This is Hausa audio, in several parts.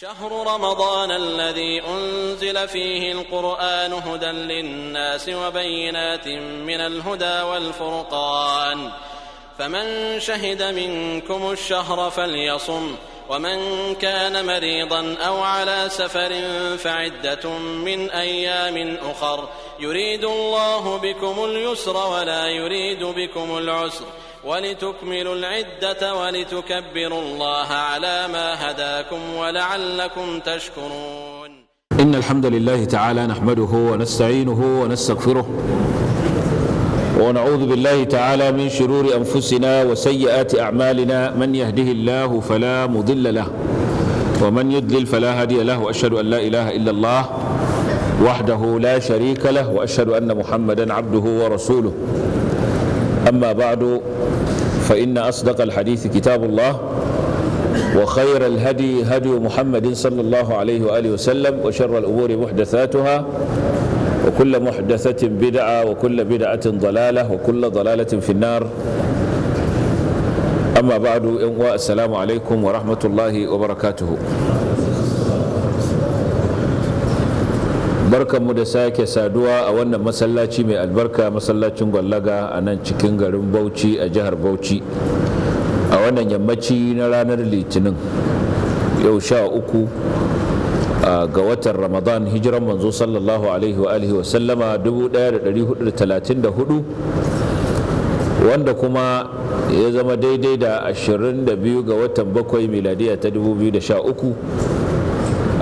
شهر رمضان الذي أنزل فيه القرآن هدى للناس وبينات من الهدى والفرقان فمن شهد منكم الشهر فليصم ومن كان مريضا أو على سفر فعدة من أيام أخر يريد الله بكم اليسر ولا يريد بكم العسر ولتكملوا العدة ولتكبروا الله على ما هداكم ولعلكم تشكرون إن الحمد لله تعالى نحمده ونستعينه ونستغفره ونعوذ بالله تعالى من شرور أنفسنا وسيئات أعمالنا من يهده الله فلا مضل له ومن يدلل فلا هادي له وأشهد أن لا إله إلا الله وحده لا شريك له وأشهد أن محمدا عبده ورسوله أما بعد فإن أصدق الحديث كتاب الله وخير الهدي هدي محمد صلى الله عليه وآله وسلم وشر الأمور محدثاتها وكل محدثة بدعة وكل بدعة ضلالة وكل ضلالة في النار أما بعد السلام عليكم ورحمة الله وبركاته barkanmu da sake saduwa a wannan masallaci mai albarka masallacin gwallaga a nan cikin garin bauchi a jihar bauchi a wannan yammaci na ranar litinin yau sha uku ga watan ramadan hijiran manzo sallallahu alaihi wa alihi wasallama 1434 wanda kuma ya zama daidai da 22 ga watan bakwai miladiya ta 2013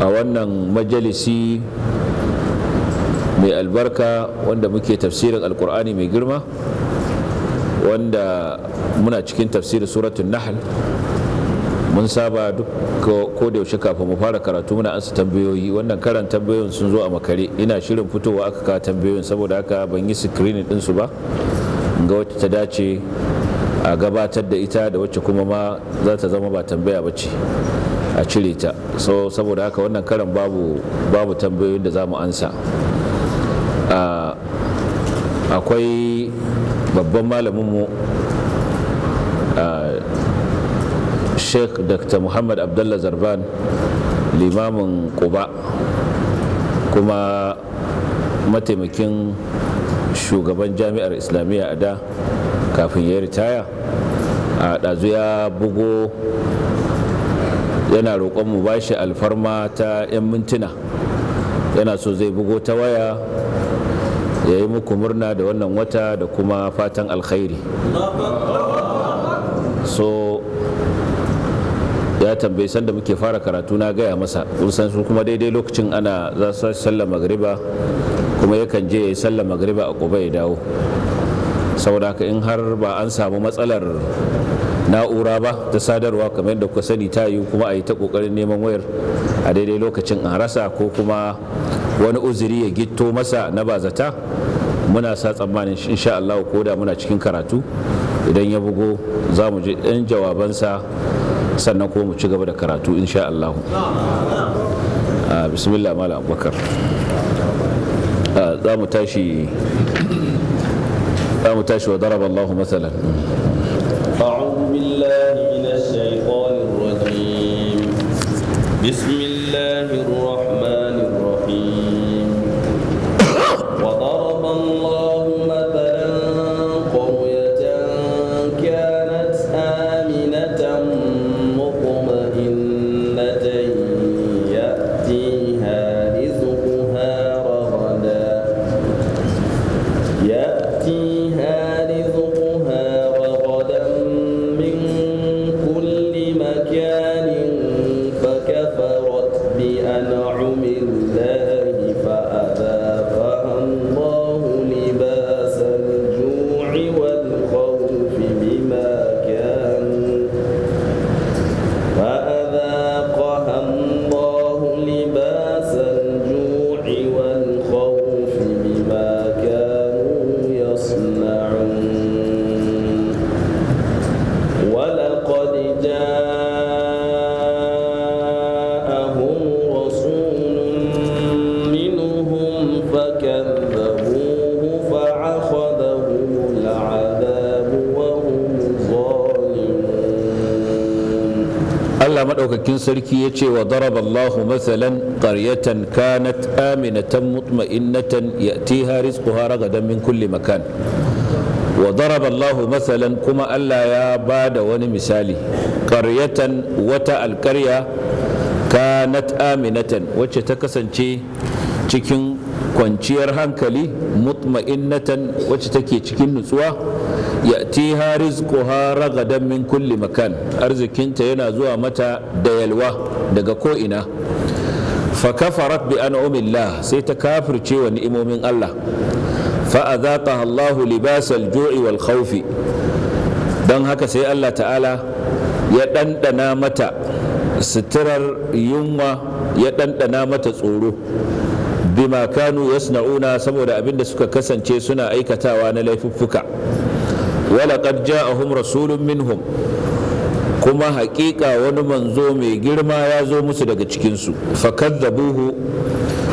a wannan majalisi mai albarka wanda muke tafsirin alkur'ani mai girma wanda muna cikin tafsirin suratun nahal mun saba duk ko da yaushe kafin mu fara karatu muna ansa tambayoyi wannan karan tambayoyin sun zo a makare ina shirin fitowa aka kawo tambayoyin saboda haka ban yi screening din su ba ga wata ta dace a gabatar da ita da wacce kuma ma za ta zama ba tambaya ba ce a cire ta saboda haka wannan karan babu tambayoyin da za mu ansa akwai babban malaminmu sheikh dr muhammad abdullah zarban limamin kuba kuma mataimakin shugaban jami'ar islamiyya a da kafin ya ritaya a ɗazu ya bugo yana roƙon mu shi alfarma ta 'yan mintuna yana so zai bugo ta waya ya yi muku murna da wannan wata da kuma fatan alkhairi so ya tambayi sanda muke fara karatu na gaya masa san su kuma daidai lokacin ana za su sallar magriba kuma yakan je ya yi sallar magriba a gobe ya dawo saboda haka in har ba an samu matsalar na'ura ba ta sadarwa kamar yadda kuka sani ta yi kuma a yi ta kokarin neman wayar a daidai lokacin a rasa ko kuma wani uzuri ya gito masa na bazata muna sa tsammanin insha Allah ko da muna cikin karatu idan ya bugo za mu ji ɗan jawabansa sannan ko mu ci gaba da karatu insha Allah ah, bismillah mala abubakar ah, za mu tashi za mu tashi wa daraba Allah matsalan بسم الله الرحمن maɗaukakin sarki ya ce wa allahu mathalan qaryatan kanat aminatan mutma'innatan ya'tiha rizquha ragadan min kulli makan wa allahu mathalan kuma Allah ya ba da wani misali karyatan wata alƙarya kanat aminatan wacce ta kasance cikin kwanciyar hankali mutma'innatan wacce take cikin nutsuwa ya'tiha rizquha ragadan min kulli makan arzikinta yana zuwa mata da yalwa daga ko ina fa kafarat bi an'amillah sai ta kafirce wa ni'imomin Allah fa azaqaha Allah libasal ju'i wal khawfi don haka sai Allah ta'ala ya dandana mata suturar yunwa ya ɗanɗana mata tsoro bima kanu yasna'una saboda abin da suka kasance suna aikatawa na laifuffuka walaƙar ja'ahum rasulun minhum kuma haƙiƙa wani manzo mai girma ya zo musu daga cikinsu buhu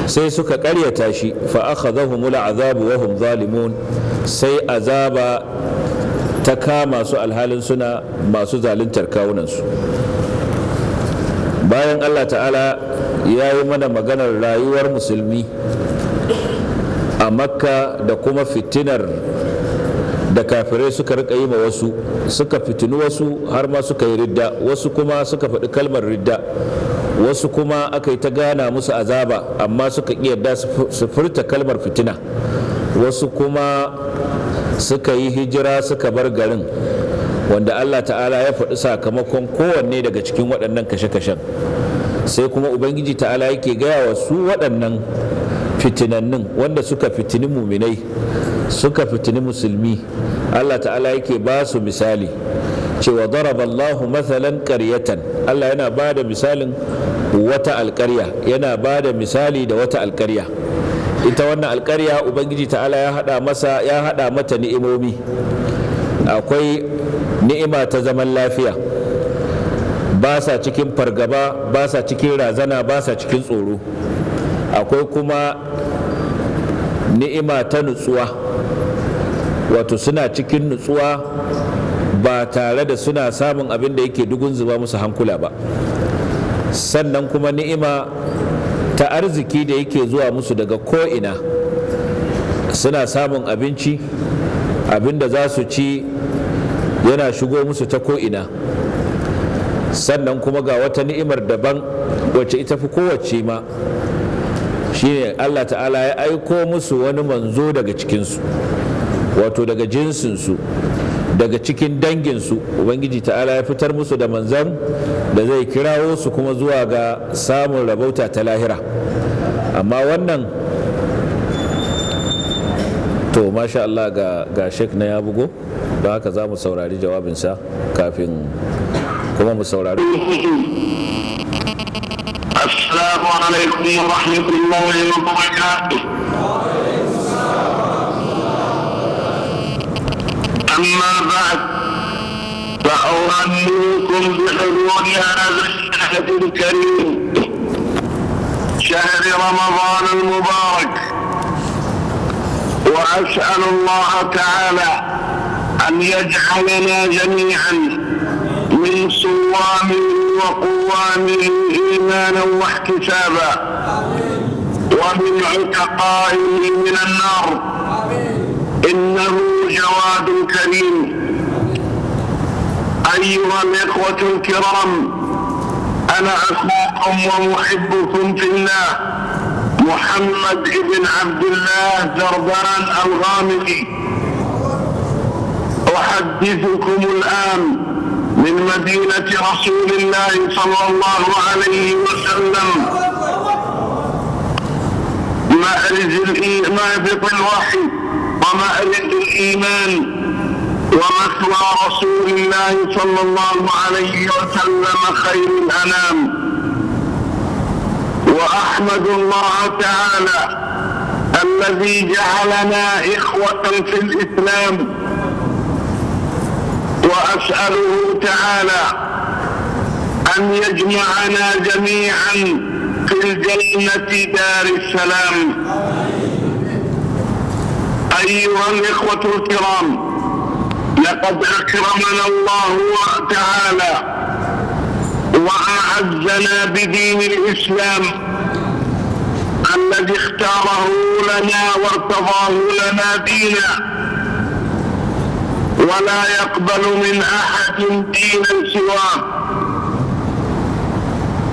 sai suka ƙaryata shi fa akhadhahumul azabu wa hum zalimun sai azaba ta kama su alhalin suna masu zaluntar kawunansu bayan Allah ta'ala ya yi mana maganar rayuwar musulmi a makka da kuma fitinar da kafirai suka rika yi ma wasu suka fitini wasu har ma suka yi ridda wasu kuma suka faɗi kalmar ridda wasu kuma aka yi ta gana musu azaba amma suka ƙi yarda su furta kalmar fitina wasu kuma suka yi hijira suka bar garin wanda allah ta'ala ya faɗi sakamakon kowanne daga cikin waɗannan kashe-kashen sai kuma ubangiji ta'ala yake gaya wa su waɗannan fitinannin wanda suka fitini muminai suka fitini musulmi Allah ta'ala yake ba su misali cewa daraballahu mathalan qaryatan Allah yana ba da misalin wata alƙarya yana ba da misali da wata alƙarya ita wannan alƙarya ubangiji ta'ala ya hada masa ya hada mata ni'imomi akwai ni'ima ta zaman lafiya ba sa cikin fargaba ba sa cikin razana ba sa cikin tsoro akwai kuma ni'ima ta nutsuwa wato suna cikin nutsuwa ba tare da suna samun abin da yake dugun zuba musu hankula ba sannan kuma ni'ima ta arziki da yake zuwa musu daga ko'ina suna samun abinci abin da za su ci yana shigo musu ta ko'ina sannan kuma ga wata ni'imar daban wacce ita fi kowace ma shine Allah ta'ala ya aiko musu wani manzo daga cikinsu wato daga jinsinsu daga cikin danginsu ubangiji ta'ala ya fitar musu da manzan da zai kirawo su kuma zuwa ga samun rabauta ta lahira amma wannan to masha Allah ga, ga shek na ya bugo don haka za mu saurari jawabinsa kafin kuma mu saurari السلام عليكم ورحمة الله وبركاته أما بعد فأؤمنكم بحضور هذا الشهر الكريم شهر رمضان المبارك وأسأل الله تعالى أن يجعلنا جميعا من صوام وقوامه إيمانا واحتسابا ومن عتقاء من النار إنه جواد كريم أيها الإخوة الكرام أنا أخوكم ومحبكم في الله محمد بن عبد الله زربان الغامدي أحدثكم الآن من مدينة رسول الله صلى الله عليه وسلم مأرج مهبط الوحي ومأرج الإيمان ومثوى رسول الله صلى الله عليه وسلم خير الأنام وأحمد الله تعالى الذي جعلنا إخوة في الإسلام وأسأله تعالى أن يجمعنا جميعا في الجنة دار السلام أيها الإخوة الكرام لقد أكرمنا الله تعالى وأعزنا بدين الإسلام الذي اختاره لنا وارتضاه لنا دينا ولا يقبل من أحد دينا سواه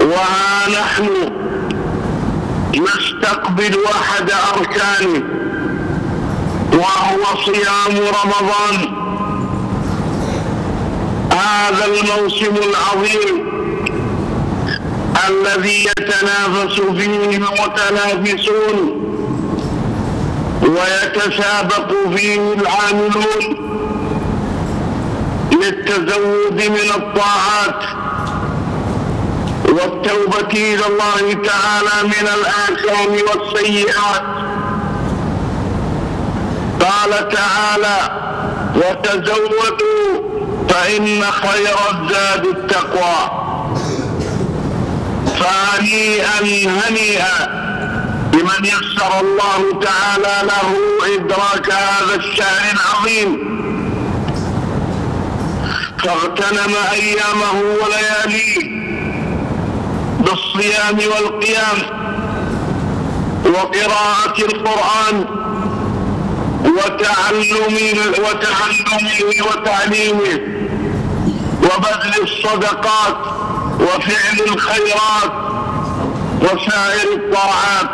وها نحن نستقبل أحد أركانه وهو صيام رمضان هذا الموسم العظيم الذي يتنافس فيه المتنافسون ويتسابق فيه العاملون للتزود من الطاعات والتوبة إلى الله تعالى من الآثام والسيئات قال تعالى وتزودوا فإن خير الزاد التقوى فهنيئا هنيئا لمن يسر الله تعالى له إدراك هذا الشأن العظيم فاغتنم أيامه ولياليه بالصيام والقيام وقراءة القرآن وتعلمه وتعلمه وتعليمه وبذل الصدقات وفعل الخيرات وسائر الطاعات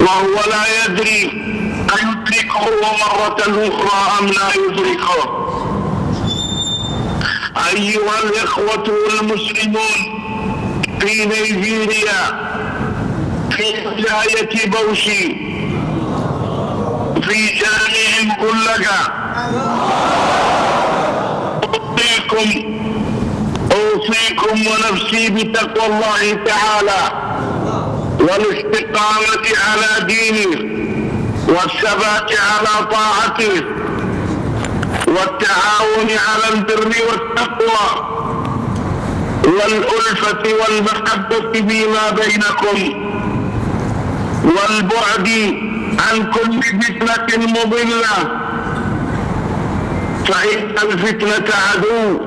وهو لا يدري أيدركه مرة أخرى أم لا يدركه أيها الإخوة المسلمون في نيجيريا في ولاية بوشي في جامع كلك أوصيكم أوصيكم ونفسي بتقوى الله تعالى والاستقامة على دينه والثبات على طاعته والتعاون على البر والتقوى والألفة والمحبة فيما بينكم والبعد عن كل فتنة مضلة فإن الفتنة عدو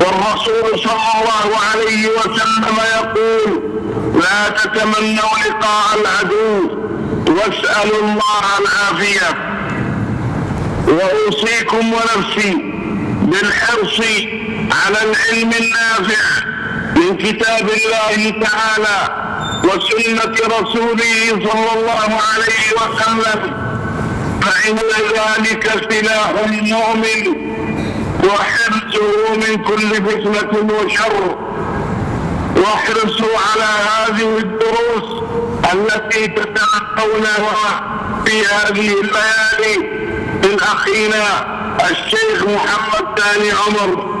والرسول صلى الله عليه وسلم يقول لا تتمنوا لقاء العدو واسألوا الله العافية وأوصيكم ونفسي بالحرص على العلم النافع من كتاب الله تعالى وسنة رسوله صلى الله عليه وسلم فإن ذلك سلاح المؤمن وحرصه من كل فتنة وشر واحرصوا على هذه الدروس التي تتلقونها في هذه الليالي من اخينا الشيخ محمد ثاني عمر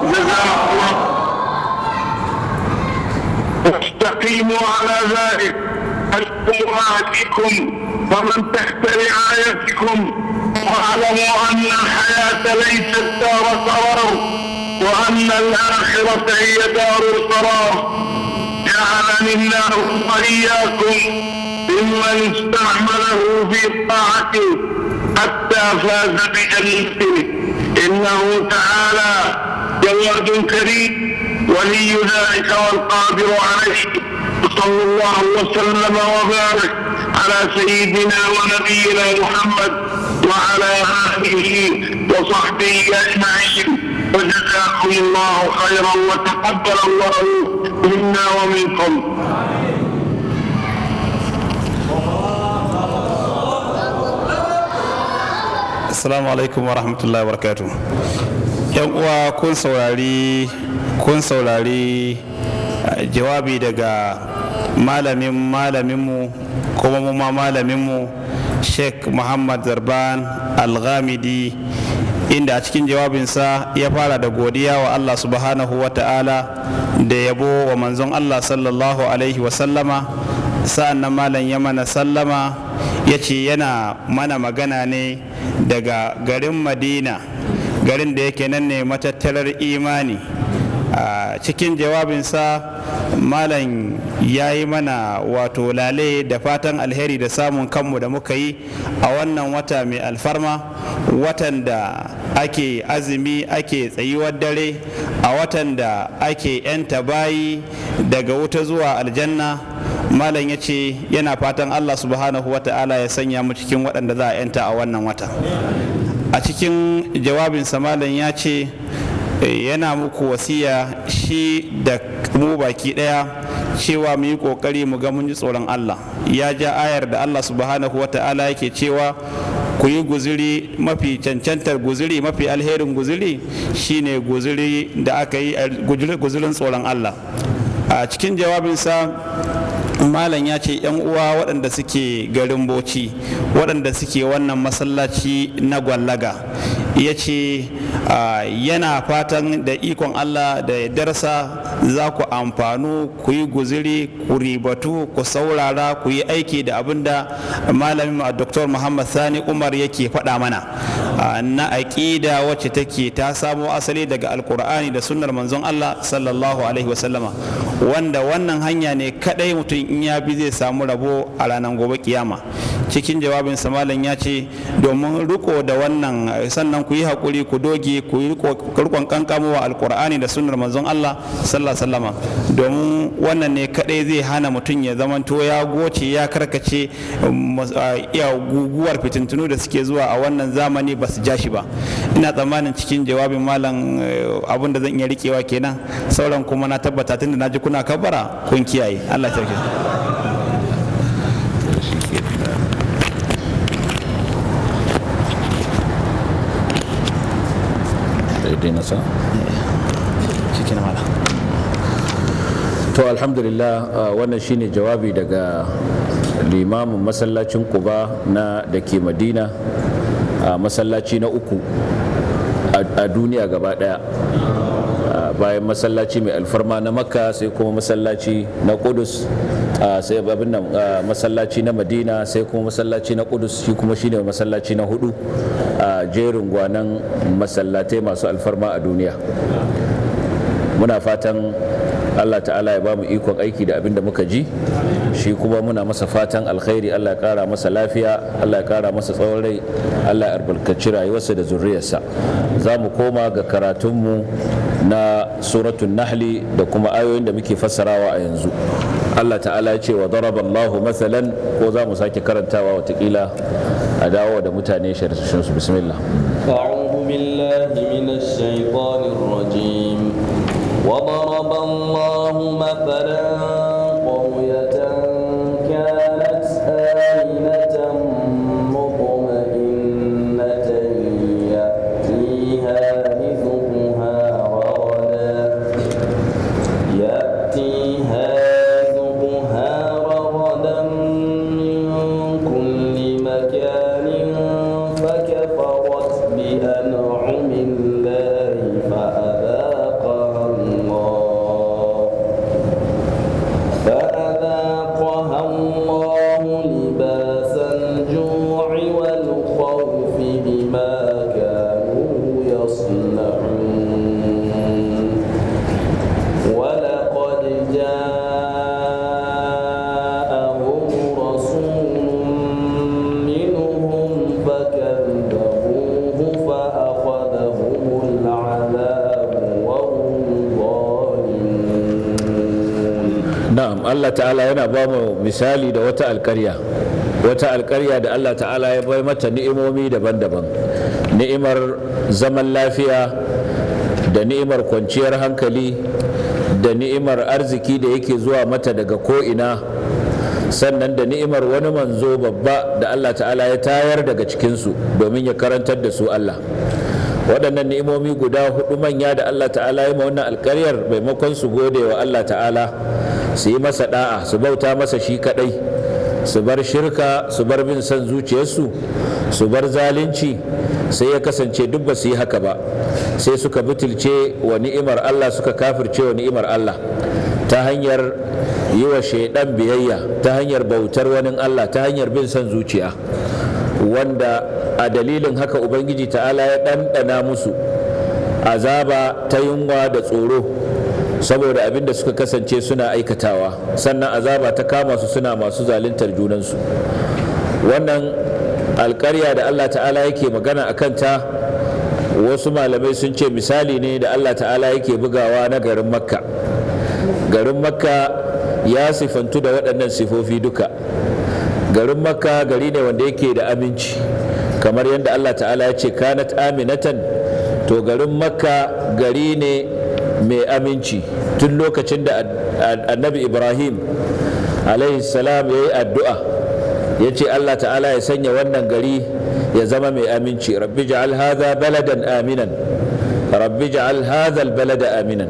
جزاه الله واستقيموا على ذلك اشكروا عليكم ومن تحت رعايتكم واعلموا ان الحياه ليست دار قرار وان الاخره هي دار القرار جعلني الله واياكم ممن استعمله في طاعته حتى فاز بجنته إنه تعالى جواد كريم ولي ذلك والقادر عليه صلى الله وسلم وبارك على سيدنا ونبينا محمد وعلى آله وصحبه أجمعين وجزاكم الله خيرا وتقبل الله منا ومنكم assalamu alaikum wa rahmatullahi wa yan uwa kun saurari kun saurari eh, jawabi daga malamin malaminmu kuma mu ma malaminmu sheikh muhammad zarban alghamidi inda a cikin jawabinsa ya fara da godiya wa Allah subhanahu wa ta'ala da yabo wa manzon Allah sallallahu alaihi wasallama sa'an nan malam ya mana sallama ya ce yana mana magana ne daga garin madina garin da yake nan ne matattarar imani a cikin jawabinsa malam ya yi mana wato lale da fatan alheri da samun kanmu da muka yi a wannan wata mai alfarma watan da ake azumi ake tsayuwar dare a watan da ake 'yanta bayi daga wuta zuwa aljanna malam ya ce yana fatan allah subhanahu ta'ala ya sanya mu cikin waɗanda za a 'yanta a wannan wata a cikin jawabinsa malam ya ce yana muku wasiya shi da mu baki daya cewa mu yi kokari mu ga mun ji tsoron Allah ya ja ayar da Allah subhanahu wata'ala yake cewa ku yi guziri mafi cancantar guziri mafi alherin guziri shine guziri da aka yi guzirin tsoron Allah a cikin jawabinsa malam ya ce yan uwa waɗanda suke garin boci waɗanda suke wannan masallaci na gwallaga ya ce ah, yana fatan da ikon allah da ya darsa za ku amfanu ku yi guziri ku ribatu ku saurara ku yi aiki da abin da malamin a dr muhammad sani umar yake faɗa mana na aƙida wacce take ta samo asali daga alkur'ani da sunnar manzon allah sallallahu alaihi wasallama wanda wannan hanya ne kadai mutum in ya bi zai samu rabo a ranar gobe kiyama cikin jawabin malam ya ce domin riko da wannan sannan ku yi hakuri ku doge ku yi rikon kankamo wa alkur'ani da sunnar manzon Allah sallallahu domin wannan ne kadai zai hana mutum ya zamanto ya goce ya karkace ya guguwar fitintunu da suke zuwa a wannan zamani ba su ja shi ba ina tsammanin cikin jawabin malam eh, abin da zan iya rikewa kenan sauran kuma na tabbata tunda na ji kuna kabara kun kiyaye Allah ya Eh, to alhamdulillah ah, wannan shine jawabi daga limamin masallacin kuba na da ke madina a ah, masallaci na uku a duniya gaba daya ah, bayan masallaci mai alfarma na makka sai kuma masallaci na kudus Ah, sai abin nan ah, masallaci na madina sai kuma masallaci na kudus shi kuma shine masallaci na hudu a jerin gwanan masallatai masu alfarma a duniya muna fatan Allah ta'ala ya ba mu ikon aiki da abin da muka ji shi kuma muna masa fatan alkhairi Allah ya kara masa lafiya Allah ya kara masa tsawon rai Allah ya albarkaci rayuwarsa da zuriyarsa za mu koma ga karatunmu na suratun nahli da kuma ayoyin da muke fassarawa a yanzu Allah ta'ala ce wa daraballahu masalan ko za mu sake karantawa watakila a dawo da mutane shirin su bismillah أعوذ بالله من الشيطان الرجيم وضرب الله مثلا Allah ta'ala yana ba mu misali da wata alkarya wata alkarya da Allah ta'ala ya bai mata ni'imomi daban-daban ni'imar zaman lafiya da ni'imar kwanciyar hankali da ni'imar arziki da yake zuwa mata daga ko'ina sannan da ni'imar wani manzo babba da Allah ta'ala ya tayar daga cikinsu domin ya karantar da su Allah waɗannan ni'imomi guda hudu manya da Allah ta'ala ya ma wannan alƙaryar maimakon su gode wa Allah ta'ala su yi masa da'a su bauta masa shi kadai su bar shirka su bar bin son zuciyarsu su bar zalunci sai ya kasance duk ba su yi haka ba sai suka butulce wa ni'imar Allah suka kafirce wa ni'imar Allah ta hanyar yi wa shaidan biyayya ta hanyar bautar wani Allah ta hanyar bin son zuciya wanda a dalilin haka ubangiji ta'ala ya ɗanɗana musu azaba ta yunwa da tsoro saboda abin da suka kasance suna aikatawa sannan azaba ta kama su suna masu zaluntar junansu wannan alkarya da allah ta'ala yake magana a kanta wasu malamai sun ce misali ne da allah ta'ala yake bugawa na garin makka garin makka ya sifantu da waɗannan sifofi duka garin makka gari ne wanda yake da aminci kamar yadda allah ta'ala ya ce kanat aminatan to garin makka gari ne mai aminci tun lokacin da annabi ibrahim salam ya yi addu'a ya ce allah ta'ala ya sanya wannan gari ya zama mai aminci rabbi ja'al hadha baladan aminan rabbi ja'al hadha balada aminan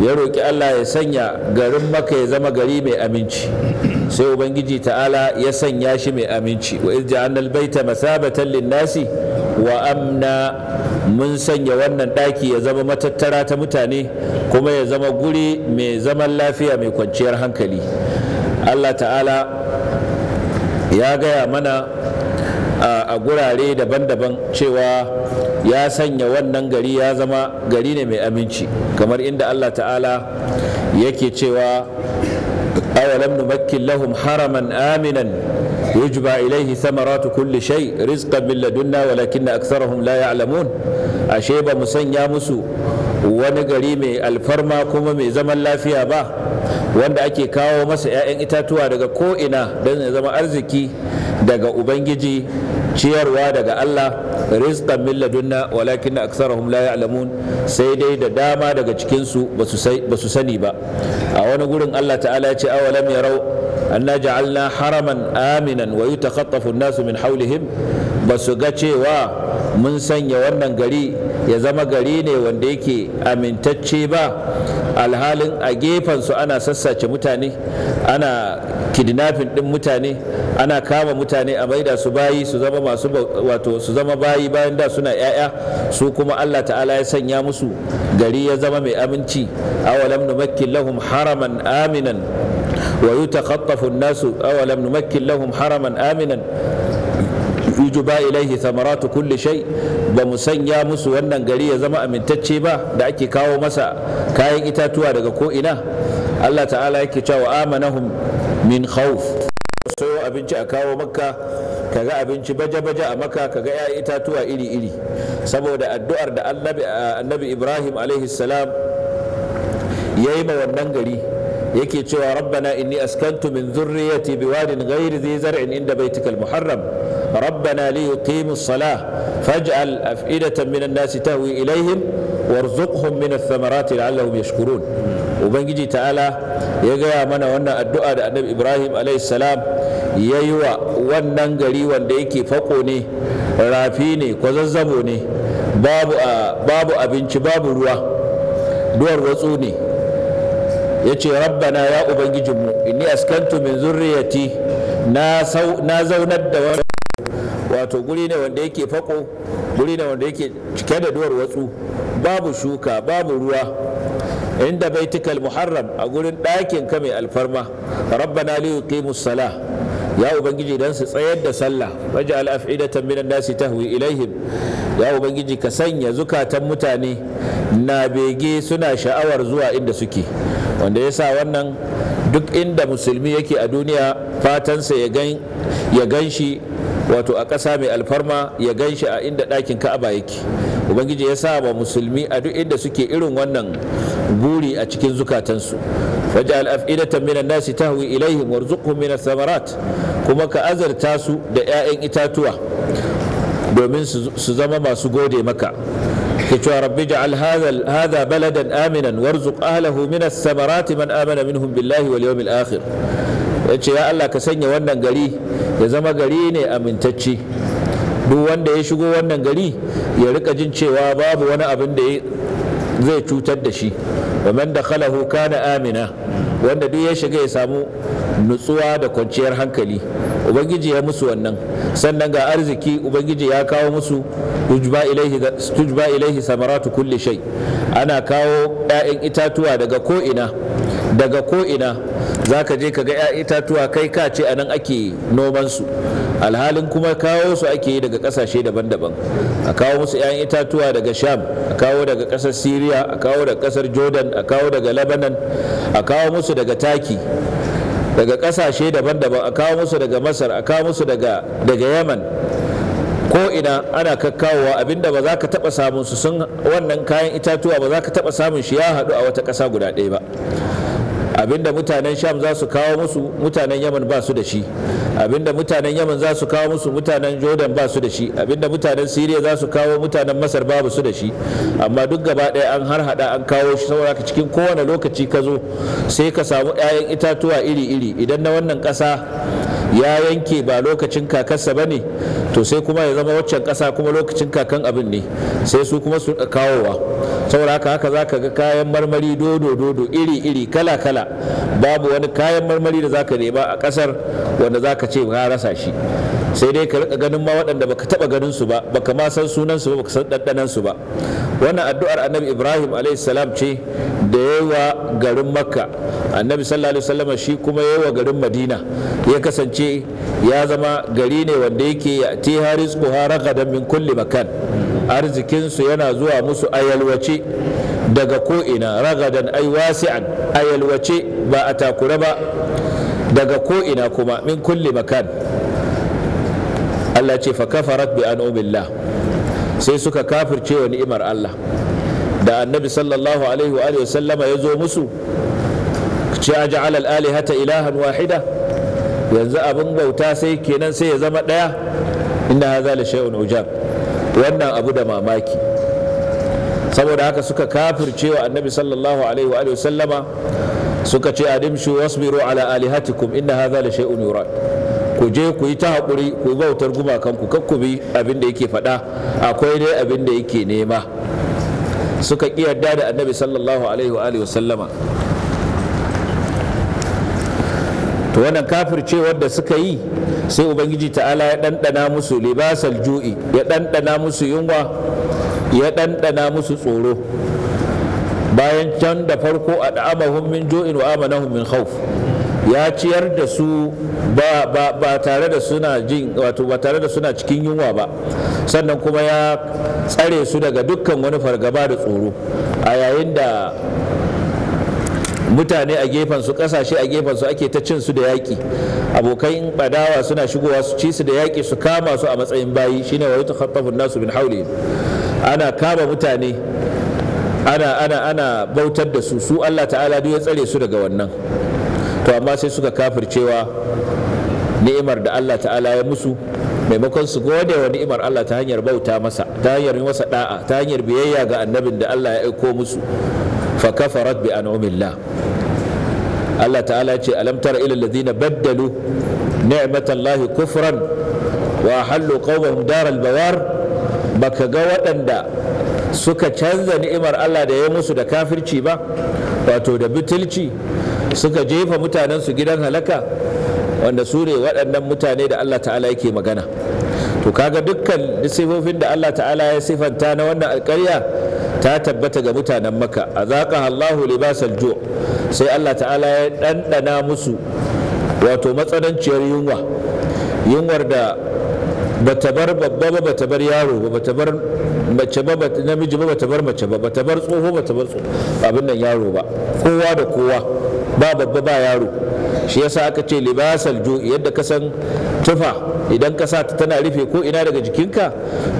ya roƙi allah ya sanya garin maka ya zama gari mai aminci sai ubangiji ta'ala ya sanya shi mai aminci wa iz ja'alna al-baita masabatan lin-nasi wa amna mun sanya wannan ɗaki ya zama matattara ta mutane kuma ya zama guri mai zaman lafiya mai kwanciyar hankali allah ta'ala ya gaya mana a gurare daban-daban cewa ya sanya wannan gari ya zama gari ne mai aminci kamar inda allah ta'ala yake cewa awalam numakkin lahum haraman aminan yujba ilaihi shai kulli shay rizqan min ladunna walakin aktharuhum la ya'lamun ashe ba mu sanya musu wani gari mai alfarma kuma mai zaman lafiya ba wanda ake kawo masa 'ya'yan itatuwa daga ko'ina don ya zama arziki daga ubangiji ciyarwa daga Allah rizqan min ladunna walakin aksarahum la ya'lamun sai dai da dama daga cikin su basu sani ba a wani gurin Allah ta'ala ya ce awalam rau. anna ja'alna haraman aminan wa yutakattafu nasu min haulihim ba su ga cewa mun sanya wannan gari ya zama gari ne wanda yake amintacce ba alhalin a gefensu ana sassace mutane ana kidnafin din mutane ana kama mutane a maida su bayi su zama masu wato su zama bayi bayan da suna 'ya'ya su kuma Allah ta'ala ya sanya musu gari ya zama mai aminci awalam numakkin lahum haraman aminan ويتخطف الناس أولم نمكن لهم haraman آمنا yujuba ilaihi samaratu kulli shai ba mu sanya musu wannan gari ya zama amintacce ba da ake kawo masa kayan itatuwa daga ko ina Allah ta'ala yake cewa amanahum min khawf sayo abinci a kawo makka kaga abinci baje-baje a maka kaga ya itatuwa iri-iri saboda addu'ar da annabi ibrahim alaihi yayi ya yi wannan gari yake cewa rabbana inni askantu min zurriyati biwadin ghairi zai zar'in inda baitikal muharram rabbana li yuqimu salah faj'al af'idatan minan nasi tahwi ilaihim warzuqhum min ath-thamarati la'allahum yashkurun ubangiji ta'ala ya gaya mana wannan addu'a da annabi ibrahim alaihissalam ya yi wa wannan gari wanda yake fako ne rafi ne kwazazzabo ne babu abinci babu ruwa duwar watsu ne ya ce rabbana ya ubangijinmu inni askantu min zurriyati na zaunar da wani wato guri ne wanda yake fako guri ne wanda yake cike da duwar watsu babu shuka babu ruwa inda baitikal muharram a gurin ɗakin ka mai alfarma rabbana li yuqimus sala ya ubangiji dan su tsayar da sallah waj'al af'idatan minan nasi tahwi ilaihim ya ubangiji ka sanya zukatan mutane na bege suna sha'awar zuwa inda suke wanda ya sa wannan duk inda musulmi yake a duniya fatansa ya gan shi wato a ƙasa mai alfarma ya gan shi a inda ɗakin ka'aba yake ubangiji ya sa wa musulmi a duk inda suke irin wannan buri a cikin zukatansu waj'al af'idatan minan nasi tahwi ilaihim warzuqhum minas samarat kuma ka azarta su da 'ya'yan itatuwa domin su zama masu gode maka ke cewa rabbi ja'al hadha baladan aminan warzuq ahlahu min as-samarati man amana minhum billahi wal yawmil akhir yace ya Allah ka sanya wannan gari ya zama gari ne amintacce duk wanda ya shigo wannan gari ya rika jin cewa babu wani abin da zai cutar da shi wa man dakhalahu kana amina wanda duk ya shiga ya samu nutsuwa da kwanciyar hankali ubangiji ya musu wannan sannan ga arziki ubangiji ya kawo musu tujba ilaihi samaratu kulli shai ana kawo 'ya'yan itatuwa daga ko'ina daga ko'ina za ka je ka ga 'ya'yan itatuwa kai ka ce a nan ake nomansu, alhalin kuma kawo su ake yi daga kasashe daban-daban a kawo musu 'ya'yan itatuwa daga sham a kawo daga kasar syria a kawo daga kasar jordan a kawo daga lebanon a kawo musu daga taki daga kasashe daban-daban a kawo musu daga masar a kawo musu daga yaman ko ina ana kakkawowa abinda ba za ka taɓa samun su sun wannan kayan itatuwa ba za ka taɓa samun shi ya haɗu a wata ƙasa guda ɗaya ba abinda mutanen sham za su kawo musu mutanen yaman ba su da shi abinda mutanen yaman za su kawo musu mutanen jordan ba su da shi abinda mutanen siriya za su kawo mutanen masar babu su da shi amma duk gaba ɗaya an har hada an kawo shi saboda ka cikin kowane lokaci ka zo sai ka samu 'ya'yan itatuwa iri-iri idan na wannan ƙasa ya yanke ba lokacin kakarsa ba ne to sai kuma ya zama waccan ƙasa kuma lokacin kakan abin ne sai su kuma su kawowa saboda haka haka za ka ga kayan marmari dodo dodo iri iri kala kala babu wani kayan marmari da za ka nema a ƙasar wanda za ka ce ka rasa shi sai dai ka rika ganin ma waɗanda baka taba ganin su ba baka ma san sunan su ba baka san ɗanɗanan su ba wannan addu'ar annabi ibrahim salam ce da yawa garin makka annabi sallallahu alaihi wasallam shi kuma yawa garin madina ya kasance ya zama gari ne wanda yake ya ti harizqu haragadan min kulli makan arzikinsu yana zuwa musu a daga ko'ina ragadan ai wasi'an a ba a takura ba daga ko'ina kuma min kulli makan Allah ce fa kafarat bi an'umillah sai suka kafirce wa ni'imar Allah da annabi sallallahu alaihi wa alihi sallama ya zo musu ce a ja'ala al-alihata ilahan wahida yanzu abin bauta sai kenan sai ya zama daya inna hadha la shay'un ujab wannan abu da mamaki saboda haka suka kafirce wa annabi sallallahu alaihi wa alihi sallama suka ce adimshu wasbiru ala alihatikum inna hadha la shay'un yurad ku je ku yi ta haƙuri ku bautar gumakanku Kan ku bi abin da yake faɗa akwai ne abin da yake nema suka ƙi yarda da annabi sallallahu alaihi wa alihi wasallama to wannan ce da suka yi sai ubangiji ta'ala ya ɗanɗana musu libasal ju'i ya ɗanɗana musu yunwa ya ɗanɗana musu tsoro bayan can da farko a da'amahum min ju'in wa amanahum min khawf ya ciyar da su ba tare da suna jin wato ba tare da suna cikin yunwa ba sannan kuma ya tsare su daga dukkan wani fargaba da tsoro a yayin da mutane a gefen su kasashe a gefen su ake ta cin su da yaƙi abokan badawa suna shigowa su ci su da yaƙi su kama su a matsayin bayi shine wa yatakhattafu nasu bin hauli ana kama mutane ana ana ana bautar da su su Allah ta'ala duk ya tsare su daga wannan to amma sai suka kafircewa ni'imar da Allah ta'ala ya musu maimakon su gode wa ni'imar Allah ta hanyar bauta masa ta hanyar yi masa da'a ta hanyar biyayya ga annabin da Allah ya aiko musu fa kafarat bi an'umillah Allah ta'ala ce alam tara ila alladhina baddalu ni'matallahi kufran wa halu qaumahum daral bawar baka ga waɗanda suka canza ni'imar Allah da ya musu da kafirci ba wato da butulci suka jefa mutanensu gidan halaka wanda su ne waɗannan mutane da Allah ta'ala yake magana to kaga dukkan sifofin da Allah ta'ala ya sifanta na wannan alƙarya ta tabbata ga mutanen maka a zaƙa Allahu libasal ju sai Allah ta'ala ya ɗanɗana musu wato matsananciyar yunwa yunwar da bata bar babba ba bata bar yaro ba bata bar mace ba namiji ba bata bar mace ba bata bar tsoho bata bar abin nan yaro ba kowa da kowa ba babba ba yaro shi yasa aka ce libasal ju'i yadda ka san tufa idan ka sa ta tana rufe ko ina daga jikinka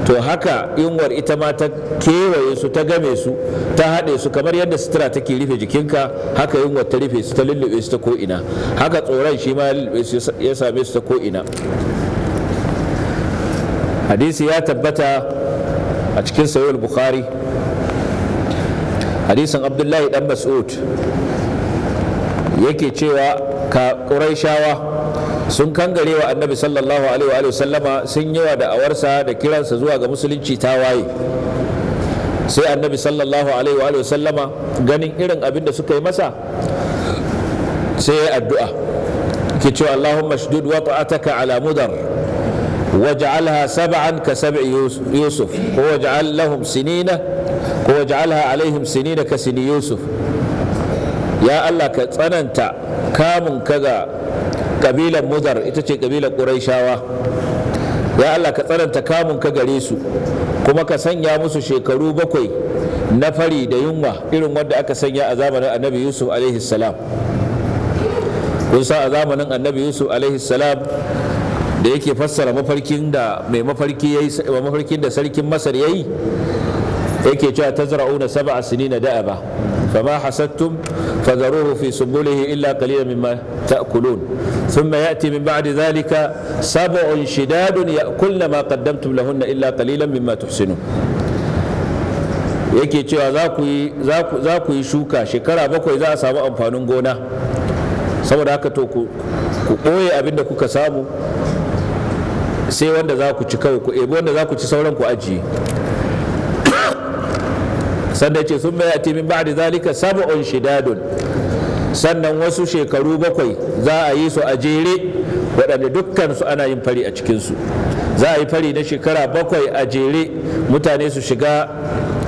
to haka inwar ita ma ta kewaye su ta game su ta haɗe su kamar yadda sutura take rufe jikinka haka inwar ta rufe su ta lullube su ta ko ina haka tsoron shi ma ya same su ta ko ina hadisi ya tabbata a cikin sahih bukhari hadisin abdullahi dan mas'ud yake cewa ka ƙuraishawa sun kangare wa annabi sallallahu alaihi wa sallama sun yi wa da'awarsa da kiransa zuwa ga musulunci ta waye sai annabi sallallahu alaihi wa sallama ganin irin abin da suka yi masa sai ya addu'a ke cewa Allahumma shdud wata'ataka ala mudar waj'alha sab'an ka sab'i yusuf ko waj'al lahum sinina ko waj'alha alaihim ka sini yusuf ya Allah ka tsananta kamun ka ga kabilan muzar ita ce kabilan ƙuraishawa ya Allah ka tsananta kamun ka gare su kuma ka sanya musu shekaru bakwai na fari da yunwa irin wanda aka sanya a zamanin annabi yusuf alaihi kun sa a zamanin annabi yusuf alaihi salam da yake fassara mafarkin da mai mafarki mafarkin da sarkin masar ya yi. yake cewa zara'una sab'a sinina ba fama hasattun فذروه في سبله إلا قليلا مما تأكلون ثم يأتي من بعد ذلك سبع شداد يأكلن ما قدمتم لهن إلا قليلا مما تحسنون yake cewa za ku yi shuka shekara bakwai za a samu amfanin gona saboda haka to ku ɓoye abinda kuka samu sai wanda za ku ci kawai ku ebi wanda za ku ci sauran ku ajiye sannan ce sun timin min da zalika sab'un shidadun sannan wasu shekaru bakwai za a yi su a jere waɗanda dukkan su ana yin fari a cikinsu za a yi fari na shekara bakwai a jere mutane su shiga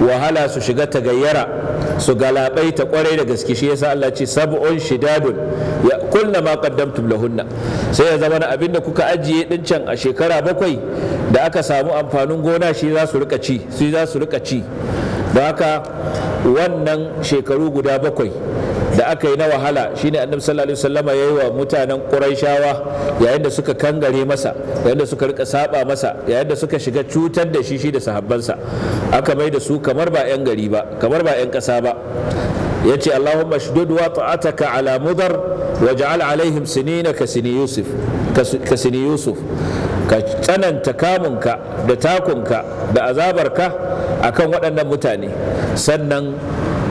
wahala su shiga ta gayyara su galabai ta kwarai da gaske shi yasa Allah ce sab'un shidadun ya kunna ma qaddamtum lahunna sai ya zama abin da kuka ajiye din can a shekara bakwai da aka samu amfanin gona shi za su rika ci shi za su rika ci da haka wannan shekaru guda bakwai da aka yi na wahala shine annabi sallallahu alaihi wasallama yayi wa mutanen quraishawa yayin da suka kangare masa yayin da suka rika saba masa yayin da suka shiga cutar da shi shi da sahabbansa aka mai da su kamar ba yan gari ba kamar ba yan kasa ba yace allahumma shdud wa ta'ataka ala mudar waj'al alaihim sinina ka sini yusuf ka sini yusuf ka tsananta kamunka da takunka da azabarka akan waɗannan mutane sannan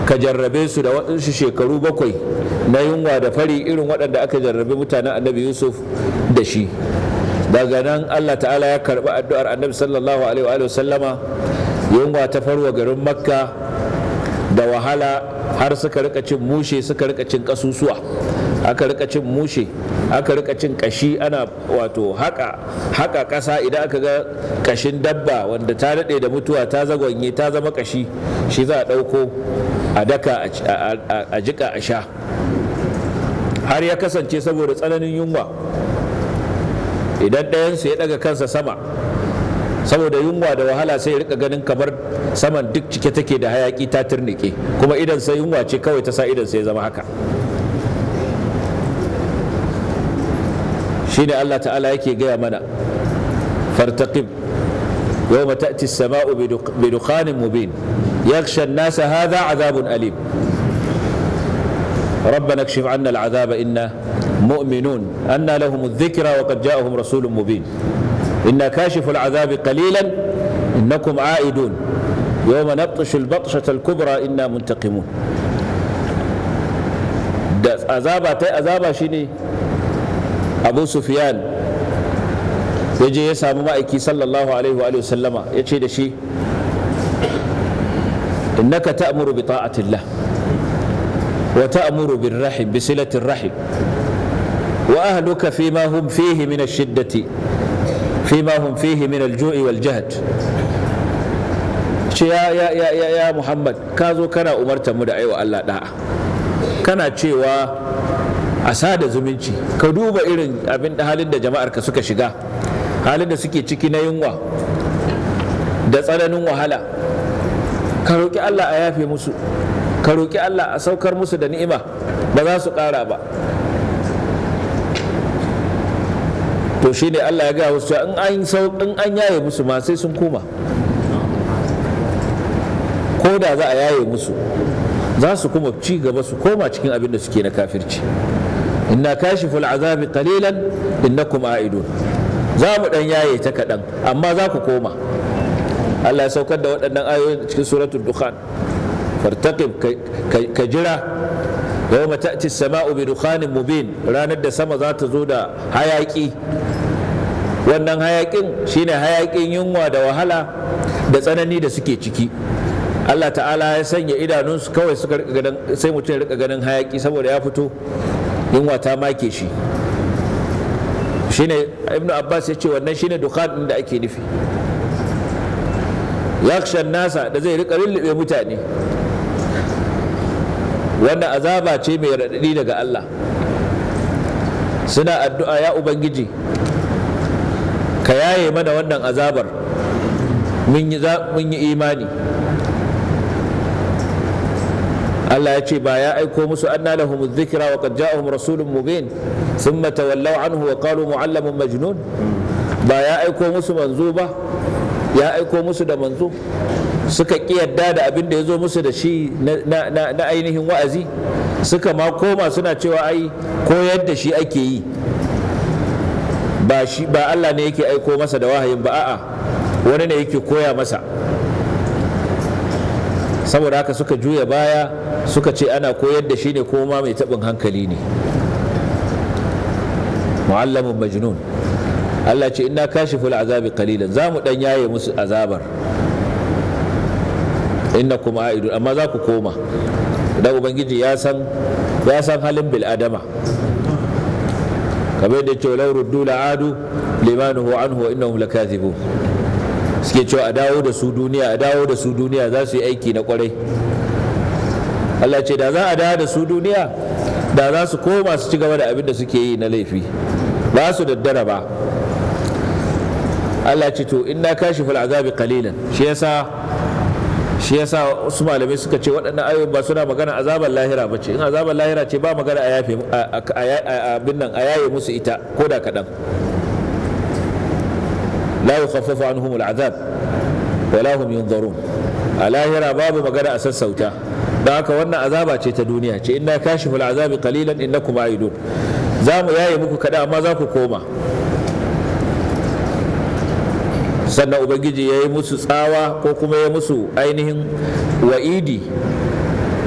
ka jarrabe su da waɗansu shekaru bakwai na yunwa da fari irin waɗanda aka jarrabe mutanen annabi yusuf da shi daga nan allah ta'ala ya karɓi addu'ar annabi sallallahu alaihi wa sallama yunwa ta farwa garin makka da wahala har suka rika cin mushe suka rika cin kasusuwa aka rika cin mushe aka rika cin kashi ana wato haka haka kasa idan aka ga kashin dabba wanda ta daɗe da mutuwa ta zagonye ta zama kashi shi za a ɗauko a daka a jika a sha har ya kasance saboda tsananin yunwa idan ɗayansu ya daga kansa sama saboda yunwa da wahala sai rika ganin kamar saman duk cike take da hayaki ta turnike kuma idan sai yunwa ce kawai ta sa idan sai zama haka shine Allah ta'ala yake gaya mana fartaqib yawma ta'ti as-sama'u bi dukhanin mubin yaghsha an-nasa hadha 'adhabun alim ربنا اكشف عنا العذاب إنا مؤمنون أن لهم الذكرى وقد جاءهم رسول مبين إنا كاشف العذاب قليلا إنكم عائدون يوم نبطش البطشة الكبرى إنا منتقمون عذابة عذابة شيني abu Sufiyan ya je ya samu ma'aiki sallallahu alaihi wa sallama ya ce da shi innaka ta'muru bi ta'atillah wa ta'muru bir rahim bi silatir rahim wa ahluka fima hum fihi min ash-shiddati fima hum fihi min al-ju'i wal jahd ce ya ya ya ya Muhammad ka zo kana umarta mu da aiwa Allah da'a kana cewa a sada zumunci ka duba irin abin da halin da jama'ar ka suka shiga halin da suke ciki na yunwa da tsananin wahala ka roƙi Allah a yafe musu ka roƙi Allah a saukar musu da ni'ima ba za su ƙara ba to shi ne Allah ya gaya wasu in an in an yaye musu ma sai sun koma ko da za a yaye musu za su kuma ci gaba su koma cikin abin da suke na kafirci inna kashiful azabi qalilan innakum a'idun za mu dan yaye ta kadan amma za ku koma Allah ya saukar da waɗannan ayoyin cikin suratul dukhan fartaqib ka jira yawma ta'ti as-sama'u bi dukhanin mubin ranar da sama za ta zo da hayaki wannan hayakin shine hayakin yunwa da wahala da tsanani da suke ciki Allah ta'ala ya sanya idanunsu kawai sai mutum rika ganin hayaki saboda ya fito yunwa ta make shi shine ibn abbas ya ce wannan shine dukhan din da ake nufi yakshan nasa da zai rika lullube mutane wannan azaba ce mai raɗaɗi daga allah suna addu'a ya ubangiji ka yaye mana wannan azabar mun yi imani Allah ya ce ba ya aiko musu anna lahum dhikra wa qad ja'ahum rasulun mubin thumma tawallaw anhu wa qalu mu'allamun majnun ba ya aiko musu manzo ba ya aiko musu da manzo suka ki yadda da abin da ya zo musu da shi na ainihin wa'azi suka ma koma suna cewa ai koyar da shi ake yi ba shi ba Allah ne yake aiko masa da wahayin ba a'a wani ne yake koya masa saboda haka suka juya baya suka ce ana koyar da shi ne ko mai taɓin hankali ne mu'allamin majnun Allah ce inna kashiful azabi qalilan za mu dan yaye musu azabar inna kuma aidu amma za ku koma dan ubangiji ya san ya san halin bil adama kamar da cewa law ruddu la'adu limanuhu anhu wa innahum lakathibun suke cewa a dawo da su duniya a dawo da su duniya za su yi aiki na kwarai Allah ce da za a dawo da su duniya da za su koma su ci gaba da abin da suke yi na laifi ba su daddara ba Allah ce to inna kashi fil azabi qalilan shi yasa shi yasa wasu malamai suka ce waɗannan ayoyin ba suna magana azabar lahira ba ce in azabar lahira ce ba magana a yafe abin nan a yaye musu ita ko da kaɗan la yukhaffafu anhum al'azab wa lahum yunzarun a lahira babu magana a sassauta da haka wannan azaba ce ta duniya ce inna kashifu al'azabi qalilan innakum aidun za mu yaye muku kada amma za ku koma sannan ubangiji ya yi musu tsawa ko kuma ya musu ainihin wa'idi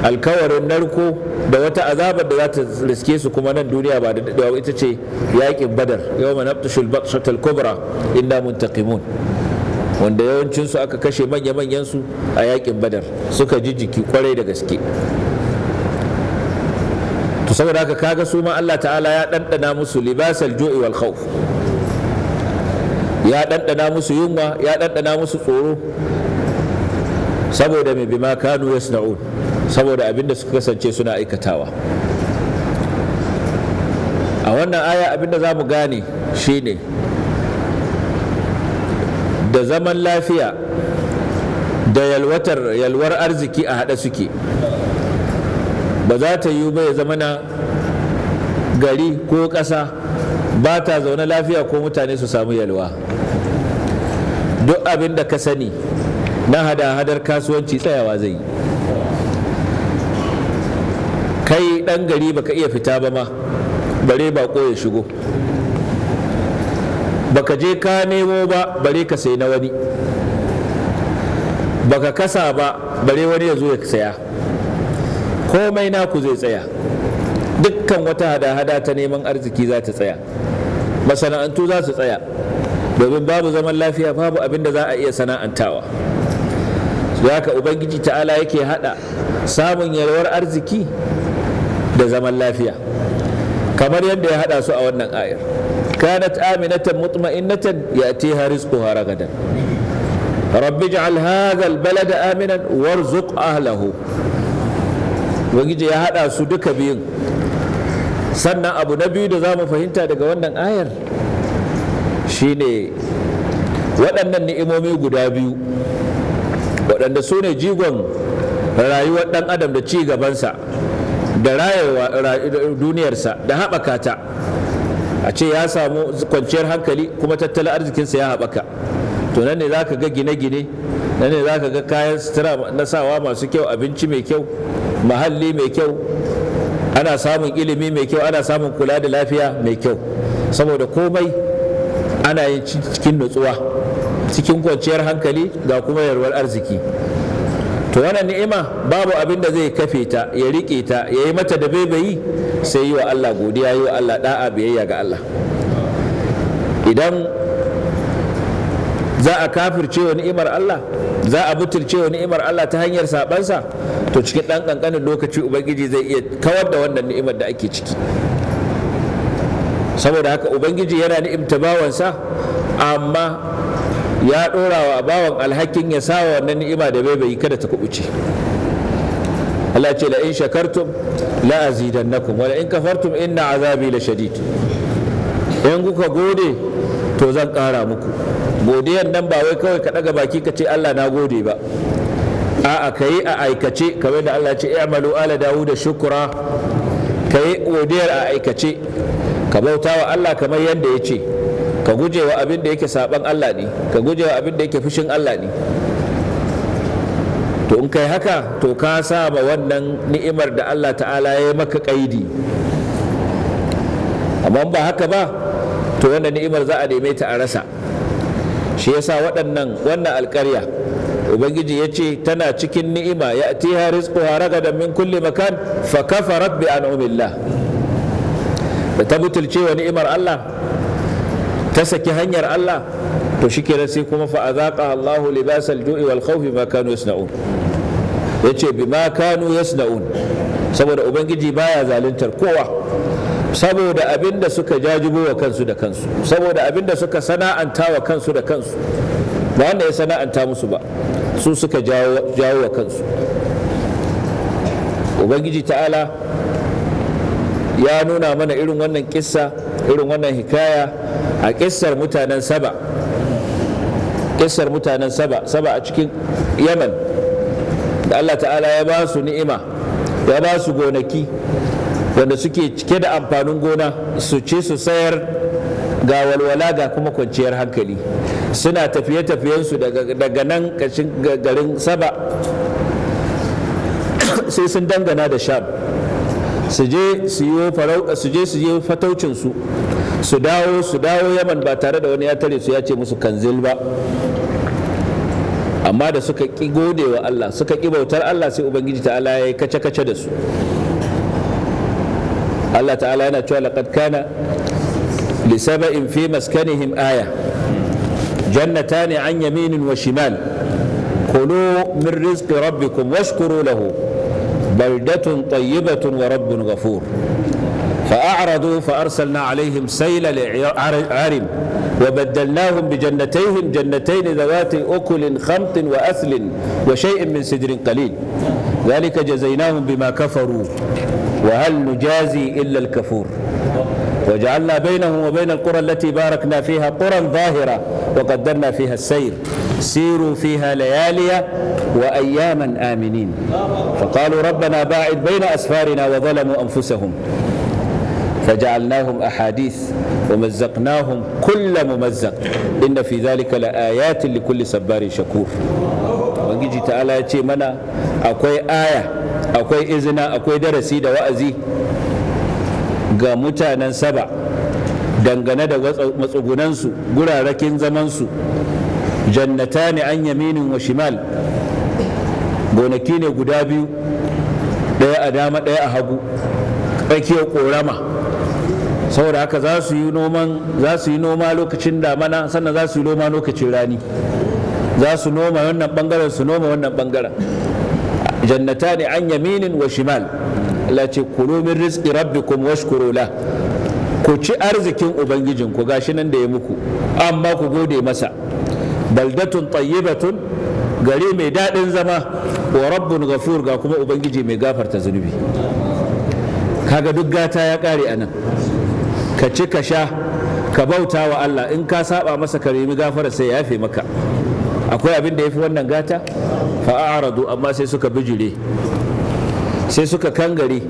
alkawarin narko da wata azabar da za ta riske su kuma nan duniya ba da daɗewa ita ce yaƙin badar yau manabta shulbat kubra inda muntaqimun wanda yawancinsu aka kashe manya-manyansu a yakin badar suka ji jiki kwarai da gaske to saboda haka kaga su ma Allah ta'ala ya ɗanɗana musu libasal jo'i wal khawf ya ɗanɗana musu yunwa ya ɗanɗana musu tsoro saboda mai bima kanu yasna'un saboda abin suka kasance suna aikatawa a wannan aya abin da za mu gane shine da zaman lafiya da yalwatar yalwar arziki a haɗe suke ba za ta yiwu ba ya zama na gari ko ƙasa ba ta zaune lafiya ko mutane su samu yalwa duk abin da ka sani na hada-hadar kasuwanci tsayawa zai yi kai ɗan gari ba ka iya fita ba ma bare ba ya shigo baka je ka nemo ba bare ka sai na wani baka kasa ba bare wani ya zo ya saya komai naku zai tsaya dukkan wata hada-hada ta neman arziki za ta tsaya masana'antu za su tsaya domin babu zaman lafiya babu abin da za a iya sana'antawa haka ubangiji ta'ala yake hada samun yalwar arziki da zaman lafiya kamar yadda ya hada su a wannan ayar كانت آمنة مطمئنة يأتيها رزقها رغدا رب اجعل هذا البلد آمنا وارزق أهله ubangiji ya haɗa su duka biyun sannan abu na biyu da zamu fahimta daga wannan ayar shine waɗannan ni'imomi guda biyu waɗanda sune jigon rayuwar ɗan adam da ci gabansa da rayuwar duniyarsa da haɓaka ta a ce ya samu kwanciyar hankali kuma tattalin arzikinsa ya haɓaka to nan ne za ka ga gine-gine nan ne za ka ga kayan sutura na sawa masu kyau abinci mai kyau mahalli mai kyau ana samun ilimi mai kyau ana samun kula da lafiya mai kyau saboda komai ana yin cikin nutsuwa cikin kwanciyar hankali ga kuma yarwar arziki to wannan ni'ima babu abin da zai kafe ta ya rike ta ya yi mata da baibayi sai yi wa Allah godiya yi wa Allah da'a biyayya ga Allah idan za a kafirce wa ni'imar Allah za a butulce wa ni'imar Allah ta hanyar sabansa to cikin ɗan ƙanƙanin lokaci ubangiji zai iya kawar da wannan ni'imar da ake ciki saboda haka ubangiji yana ni'imta bawansa amma ya ɗora wa bawan alhakin ya sawa wannan ni'ima da bai bai kada ta kubuce Allah ce la in shakartum la azidannakum wa in kafartum inna azabi la shadid in kuka gode to zan ƙara muku godiyar nan ba wai kawai ka ɗaga baki ka ce Allah na gode ba a'a ka yi a aikace kamar da Allah ce i'malu ala shukura ka godiyar a aikace ka bauta wa Allah kamar yadda ya ce ka gujewa abin da yake saban Allah ne ka gujewa abin da yake fushin Allah ne to in kai haka to ka saba wannan ni'imar da Allah ta'ala ya yi maka kaidi amma ba haka ba to wannan ni'imar za a neme ta a rasa shi yasa waɗannan wannan alƙarya ubangiji ya ce tana cikin ni'ima ya ti harisku da min kulli makan fa kafarat bi an'umillah da ta butulce wa ni'imar Allah ta saki hanyar Allah to shi kenan sai kuma fa azaqa Allahu libasal ju'i wal khawfi ma kanu yasna'un yace bima kanu yasna'un saboda ubangiji baya zaluntar kowa saboda abin da suka jajibo wa kansu da kansu saboda abin da suka sana'anta wa kansu da kansu ba wanda ya sana'anta musu ba su suka jawo wa kansu ubangiji ta'ala ya nuna mana irin wannan kissa irin wannan hikaya a kissar mutanen saba kissar mutanen saba saba a cikin yaman da allah ta'ala ya ba su ni'ima ya ba su gonaki wanda suke cike da amfanin gona su ce su sayar ga walwala ga kuma kwanciyar hankali suna tafiye-tafiyensu daga nan garin saba sai sun dangana da sham su je su yi fataucin su su dawo su dawo yaman ba tare da wani ya tare su ya ce musu kanzil ba amma da suka ƙi gode wa Allah suka ƙi bautar Allah sai ubangiji ta'ala ya yi kace-kace da su Allah ta'ala yana cewa laqad kana li saba'in fi maskanihim aya jannatani an yaminin wa shimal kulu min rizqi rabbikum washkuru lahu بلدة طيبة ورب غفور فأعرضوا فأرسلنا عليهم سيل العرم وبدلناهم بجنتيهم جنتين ذوات أكل خمط وأثل وشيء من سدر قليل ذلك جزيناهم بما كفروا وهل نجازي إلا الكفور وجعلنا بينهم وبين القرى التي باركنا فيها قرى ظاهرة وقدرنا فيها السير سيروا فيها ليالي وأياما آمنين فقالوا ربنا باعد بين أسفارنا وظلموا أنفسهم فجعلناهم أحاديث ومزقناهم كل ممزق إن في ذلك لآيات لكل صبار شكور ونجي تعالى يتي منا أكوي آية أكوي إذنا أكوي درسي دوازي ga mutanen saba dangane da matsugunansu gurarakin zamansu jannata ne an yaminin wa shimal gonaki ne guda biyu ɗaya a dama ɗaya a hagu tsakiyar ƙorama saboda haka za su yi za su yi noma lokacin damana sannan za su yi noma lokacin rani za su noma wannan bangaren su noma wannan bangaren jannata ne an yaminin wa shimal Allah ce kulu min rizqi rabbikum washkuru la ku ci arzikin ubangijin ku gashi nan da ya muku amma ku gode masa baldatun tayyibatun gari mai daɗin zama wa rabbun ghafur ga kuma ubangiji mai gafarta zunubi kaga duk gata ya ƙare anan ka ci ka sha ka bauta wa Allah in ka saba masa ka nemi gafara sai ya yafe maka akwai abin da ya fi wannan gata fa'aradu amma sai suka bijire sai suka kangare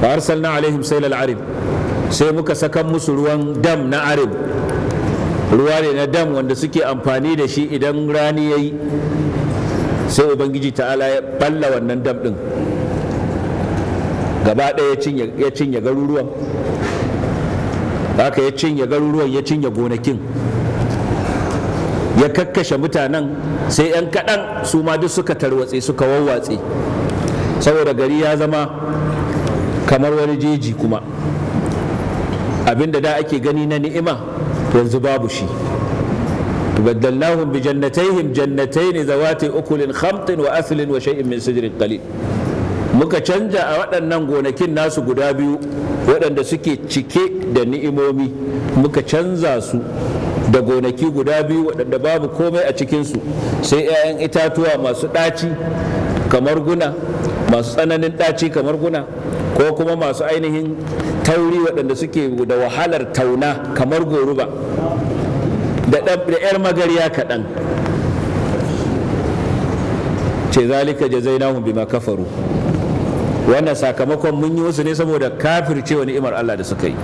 wa na alaihim sai arib sai muka sakan musu ruwan dam na arib ruwa ne na dam wanda suke amfani da shi idan rani ya yi sai ubangiji ta'ala ya balla wannan dam din gaba ɗaya ya cinye garuruwan haka ya cinye garuruwan ya cinye gonakin ya kakkashe mutanen sai 'yan kaɗan su ma duk suka tarwatse suka wawwatse saboda gari ya zama kamar wani jeji kuma abinda da ake gani na ni'ima yanzu babu shi baddalnahum bi jannatayhim jannatayn zawati ukulin khamtin wa aslin wa shay'in min sidrin qalil muka canja a waɗannan gonakin nasu guda biyu waɗanda suke cike da ni'imomi muka canza su da gonaki guda biyu waɗanda babu komai a cikinsu sai 'ya'yan itatuwa masu ɗaci kamar guna masu tsananin ɗaci kamar guna ko kuma masu ainihin tauri waɗanda suke da wahalar tauna kamar goruba da 'yar magariya kaɗan ce zalika jazainahum bima kafaru wannan sakamakon mun yi wasu ne saboda kafircewa ni'imar Allah da suka yi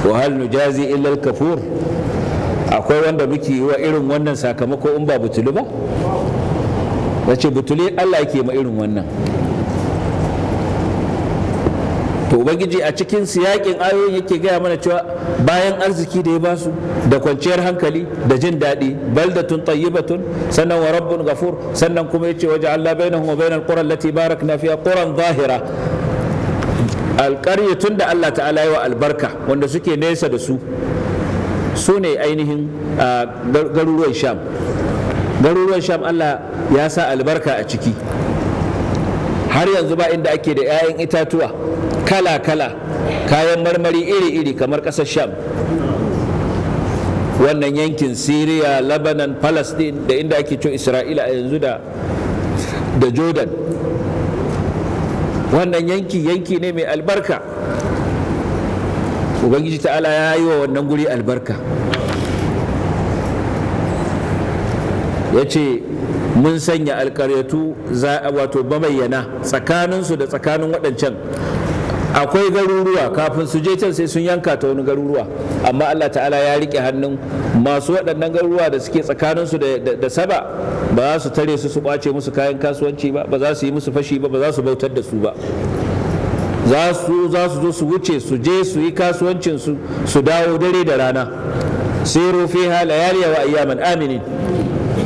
Wahal nujazi kafur akwai wanda muke yi wa irin wannan sakamako in ba butulu ba ya ce butuli Allah ke ma irin wannan to ubangiji a cikin siyakin ayoyin yake gaya mana cewa bayan arziki da ya basu da kwanciyar hankali da jin daɗi baldatun tayyibatun sannan wa rabbun gafur sannan kuma yace waje Allah bainahum wa bainal qura allati barakna fiha quran zahira tun da Allah ta'ala yi wa albarka wanda suke nesa da su su ne ainihin ah, garuruwan sham garuruwan sham allah ya sa albarka a ciki har yanzu ba inda ake da 'ya'yan itatuwa kala-kala kayan marmari iri-iri kamar ƙasar sham wannan yankin syria lebanon palestine da inda ake cin isra'ila a yanzu da jordan wannan yanki yanki ne mai albarka ubangiji ta'ala ya yi wa wannan guri albarka ya ce mun sanya alkaryatu wato bayyana tsakaninsu da tsakanin waɗancan akwai garuruwa kafin su je can sai sun yanka ta wani garuruwa amma Allah ta'ala ya rike hannun masu waɗannan garuruwa da suke tsakaninsu da saba ba za su tare su su kwace musu kayan kasuwanci ba ba za su yi musu fashi ba ba za su bautar da su ba za su zo su wuce su je su yi kasuwancin su dawo dare da rana sai rufe fiha layaliya wa ayyaman aminin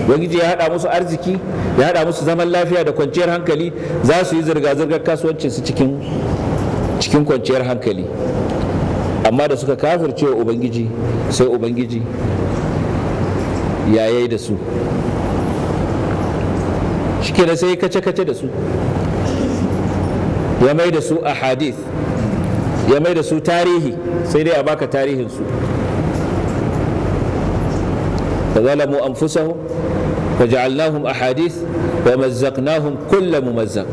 ubangiji ya hada musu arziki ya hada musu zaman lafiya da kwanciyar hankali za su yi zirga-zirgar kasuwancin su cikin cikin kwanciyar hankali amma da suka kafirce wa ubangiji sai ubangiji yayi da su da sai kace-kace da su ya mai da su a hadith ya mai da su tarihi sai dai a baka tarihinsu فظلموا أنفسهم فجعلناهم أحاديث ومزقناهم كل ممزق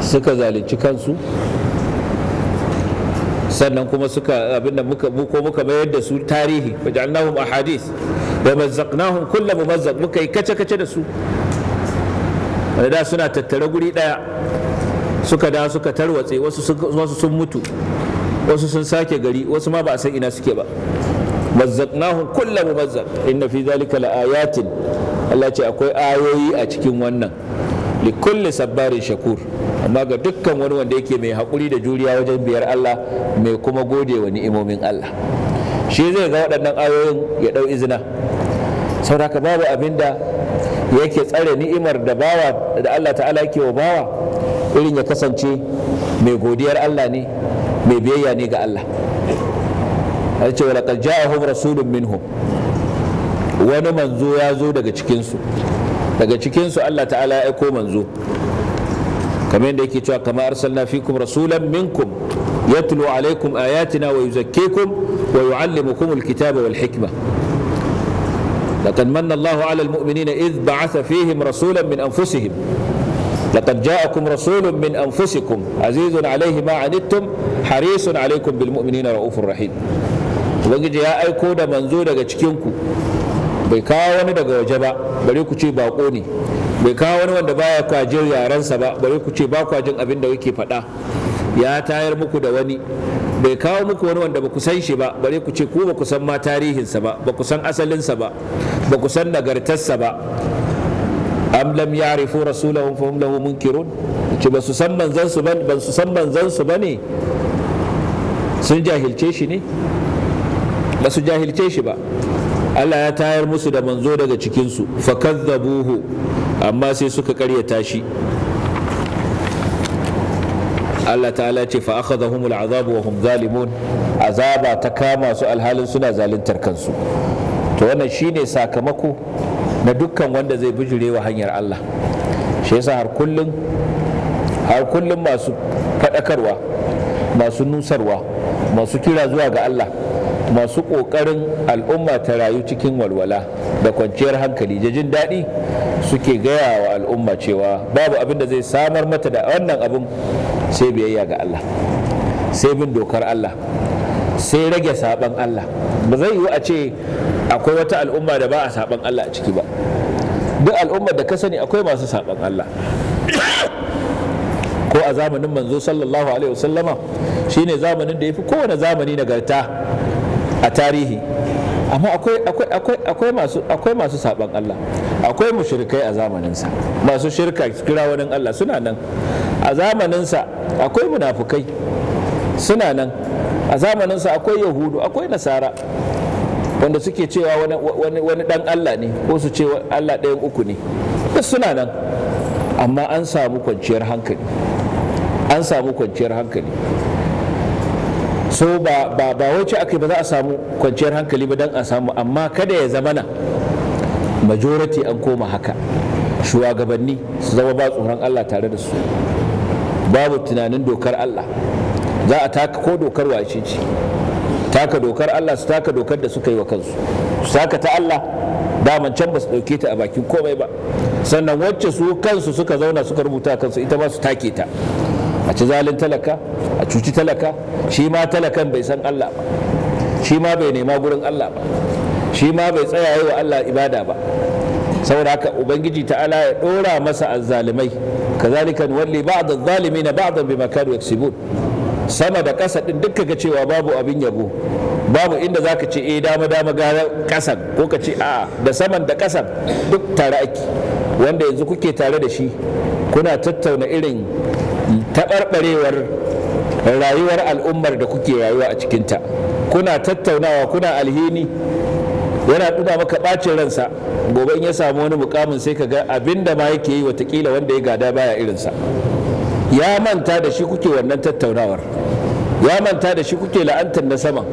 suka zalunci kansu sannan kuma suka abinda muka ko muka mayar da su tarihi faj'alnahum ahadith wa mazzaqnahum kullu mumazzaq muka yi kace kace da su wanda da suna tattare guri daya suka da suka tarwatse wasu sun mutu wasu sun sake gari wasu ma ba a san ina suke ba mazzaqnahum kullu mumazzaq inna fi zalika laayatin Allah ce akwai ayoyi a cikin wannan li kulli sabbarin shakur amma ga dukkan wani wanda yake mai hakuri da juriya wajen biyar Allah mai kuma gode wa ni'imomin Allah shi zai ga waɗannan ayoyin ya ɗau izina sauraka babu abinda da yake tsare ni'imar da bawa da Allah ta'ala yake wa bawa irin ya kasance mai godiyar Allah ne mai biyayya ne ga Allah ya ce walaƙar ja'ahum rasulun minhum wani manzo ya zo daga su daga cikin su Allah ta'ala ya aiko manzo kamar yadda yake cewa kama arsalna fikum rasulan minkum yatlu alaykum ayatina wa yuzakkikum wa yuallimukum alkitaba wal hikma لقد من الله على المؤمنين إذ بعث فيهم رسولا من أنفسهم لقد جاءكم رسول من أنفسكم عزيز عليه ما عنتم حريص عليكم بالمؤمنين رؤوف رحيم ubangiji ya aiko da manzo daga cikinku bai kawo wani daga waje ba bare ku ce bako ne bai kawo wani wanda baya kwajin yarensa ba bare ku ce ba jin abin da yake faɗa ya tayar muku da wani bai kawo muku wani wanda baku san shi ba bare ku ce ku baku san ma tarihinsa ba baku san asalinsa ba baku san nagartarsa ba am lam ya'rifu rasulahum fa hum lahu munkirun ce ba su san manzon su ba su san manzansu su bane sun jahilce shi ne ba su jahilce shi ba Allah ya tayar musu da manzo daga cikinsu buhu. amma sai suka karyata shi Allah ta'ala ce fa akhadhahumul azabu wa hum zalimun azaba ta kama su alhalin suna zaluntar kansu to wannan shine sakamako na dukkan wanda zai bijirewa hanyar Allah shi yasa har kullum har kullum masu faɗakarwa masu nusarwa masu kira zuwa ga Allah masu ƙoƙarin al'umma ta rayu cikin walwala da kwanciyar hankali da jin daɗi suke gaya wa al'umma cewa babu abin da zai samar mata da wannan abin sai biyayya ga Allah sai bin dokar Allah sai rage saban Allah ba zai yiwu a ce akwai wata al'umma da ba a saban Allah a ciki ba duk al'ummar da ka sani akwai masu saban Allah ko a zamanin manzo sallallahu alaihi wasallama shine zamanin da ya fi kowane zamani nagarta a tarihi amma akwai masu saban Allah akwai mushrikai a zamaninsa masu shirka kira wani Allah suna nan a zamaninsa akwai munafukai suna nan a zamaninsa akwai yahudu akwai nasara wanda suke cewa wani dan Allah ne ko su ce Allah ɗayan uku ne duk suna nan amma an samu kwanciyar hankali an samu kwanciyar hankali so ba ba ba wace aka ba za a samu kwanciyar hankali ba dan a samu amma kada ya zamana majority an koma haka shugabanni su zama ba tsoron Allah tare da su babu tunanin dokar Allah za a taka ko dokar wace ce taka dokar Allah su taka dokar da suka yi wa kansu su taka ta Allah daman can ba su ɗauke ta a bakin komai ba sannan wacce su kansu suka zauna suka rubuta kansu ita ba su take ta a ci zalin talaka a cuci talaka shi ma talakan bai san Allah ba shi ma bai nema gurin Allah ba shi ma bai tsaya wa Allah ibada ba saboda haka ubangiji ta'ala ya dora masa azzalimai kazalika walli ba'd adh-dhalimin ba'dan bima kanu yaksibun sama da kasa din duk kaga cewa babu abin yabo babu inda zaka ce eh dama dama gara kasan ko ka ce a'a da saman da kasan duk tare ake wanda yanzu kuke tare da shi kuna tattauna irin taɓarɓarewar rayuwar al'ummar da kuke rayuwa a cikinta kuna tattaunawa kuna alhini yana ɗuna maka ɓacin ransa gobe in ya samu wani mukamin sai ka ga abin da ma yake yi watakila wanda ya gada baya irinsa ya manta da shi kuke wannan tattaunawar ya manta da shi kuke la'antar na sama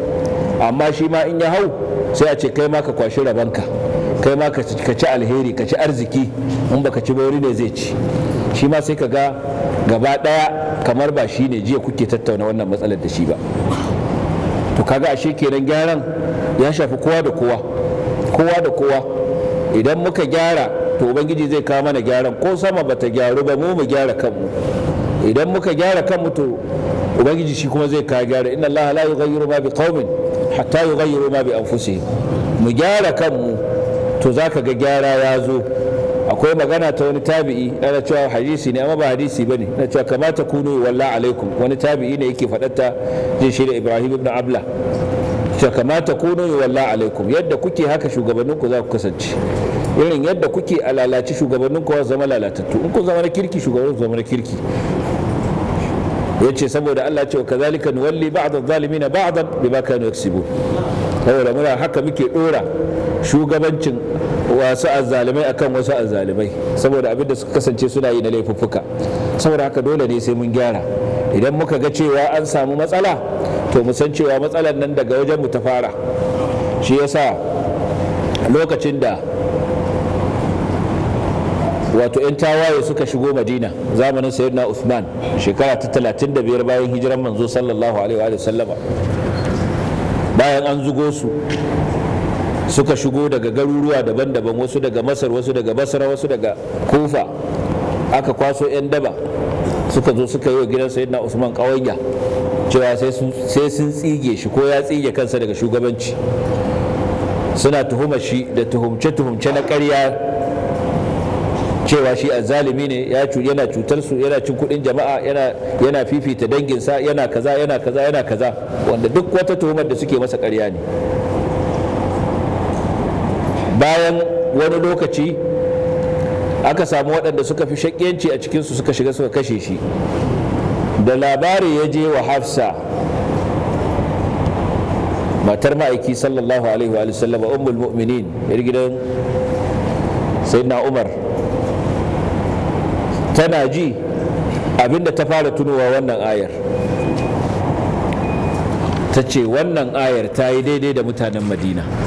amma shi ma in ya hau sai a ce kai ma ka kwashi rabanka kai ma ka ci alheri ka ci arziki in baka ci ba wuri ne zai ci shi ma sai ka ga gaba daya kamar ba shi ne jiya kuke tattauna wannan matsalar da shi ba to kaga ashe kenan gyaran ya shafi kowa da kowa kowa da kowa idan muka gyara to ubangiji zai kawo mana gyaran ko sama ba ta gyaru ba mu mu gyara kanmu idan muka gyara kanmu to ubangiji shi kuma zai kawo gyara inna allaha la yughayyiru ma biqaumin hatta yughayyiru ma bi anfusihim mu gyara kanmu to zaka ga gyara ya zo akwai magana ta wani tabi'i ana cewa hadisi ne amma ba hadisi bane na cewa kamata kunu walla alaikum wani tabi'i ne yake faɗatta jin shi da Ibrahim ibn Abla cewa kamata kunu walla alaikum yadda kuke haka shugabannin ku za ku kasance irin yadda kuke a lalace ku zama lalatattu in ku zama na kirki shugabannin ku zama na kirki yace saboda Allah ce kazalika nuwalli ba'd adh-dhalimin ba'dan bima kanu yaksibun saboda muna haka muke dora shugabancin wasu azzalumai akan wasu azzalumai saboda abin da suka kasance suna yi na laifuffuka saboda haka dole ne sai mun gyara idan muka ga cewa an samu matsala to mu san cewa matsalar nan daga wajen mu ta fara shi yasa lokacin da wato 'yan tawaye suka shigo madina zamanin sayyidina usman shekara ta 35 bayan hijiran manzo sallallahu alaihi wa sallama bayan an zugo su suka shigo daga garuruwa daban-daban wasu daga masar wasu daga basra wasu daga kufa aka kwaso 'yan daba suka zo suka yi wa gidan na usman kawanya cewa sai sun tsige shi ko ya tsige kansa daga shugabanci suna tuhumar shi da tuhumce-tuhumce na karya cewa shi azzalimi ne yana cutar su yana cin kudin jama'a yana fifita danginsa yana kaza yana kaza yana kaza wanda duk wata tuhumar da suke masa karya ne bayan wani lokaci aka samu waɗanda suka fi shakiyanci a cikinsu suka shiga suka kashe shi da labari ya je wa hafsa matar ma'aiki sallallahu alaihi wa sallam ummul mu'minin yar gidan sayyidina umar tana ji abinda ta fara tunowa wannan ayar ta ce wannan ayar ta yi daidai da mutanen madina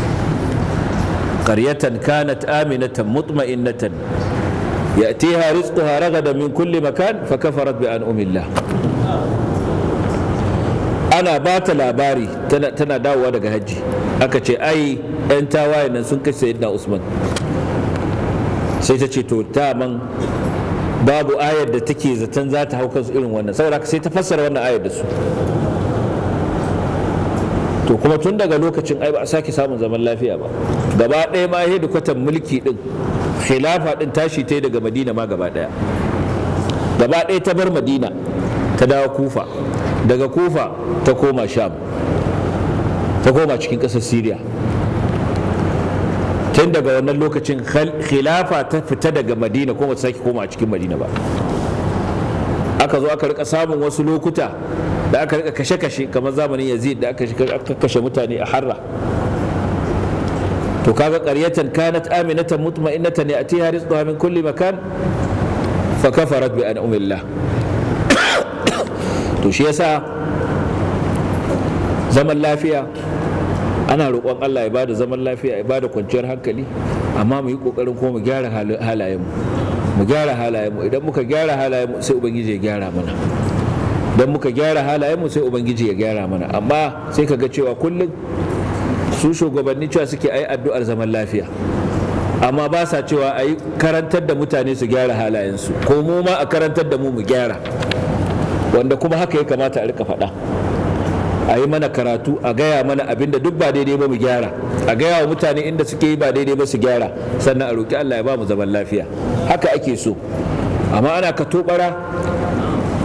qaryatan kanat aminatan mutma'innatan ya'tiha rizquha ragadan min kulli makan fa kafarat bi an'umillah ana ba labari tana dawowa daga hajji aka ce ai 'yan tawaye sun kashe sayyidina usman sai ta ce to man babu ayar da take zaton za ta hau kansu irin wannan saboda sai ta fassara wannan ayar da su to kuma tun daga lokacin ai ba a sake samun zaman lafiya ba gaba ɗaya ma kwatan mulki ɗin khilafa ɗin tashi ta daga madina ma gaba ɗaya gaba ɗaya ta bar madina ta dawo kufa daga kufa ta koma sham ta koma cikin ƙasar syria tun daga wannan lokacin khilafa ta fita daga madina kuma ta sake koma cikin madina ba aka zo aka rika samun wasu lokuta da aka rika kashe-kashe kamar zamanin yazid da aka kashe mutane a harra to kaga qaryatan kanat aminatan mutma'innatan ya'tiha rizquha min kulli makan fa kafarat bi an'amillah to shi yasa zaman lafiya ana roƙon Allah ya bada zaman lafiya ya bada kwanciyar hankali amma mu yi ƙoƙarin kuma mu gyara halayen mu gyara halayen mu idan muka gyara halayen mu sai ubangiji ya gyara mana idan muka gyara halayen mu sai ubangiji ya gyara mana amma sai ka ga cewa kullum su shugabanni cewa suke ayi addu'ar zaman lafiya amma ba sa cewa a yi karantar da mutane su gyara halayensu ko mu ma a karantar da mu mu gyara wanda kuma haka ya kamata a rika faɗa a yi mana karatu a gaya mana abinda duk ba daidai ba mu gyara a gaya wa mutane inda suke yi ba daidai ba su gyara sannan a roƙi Allah ya ba mu zaman lafiya haka ake so amma ana katobara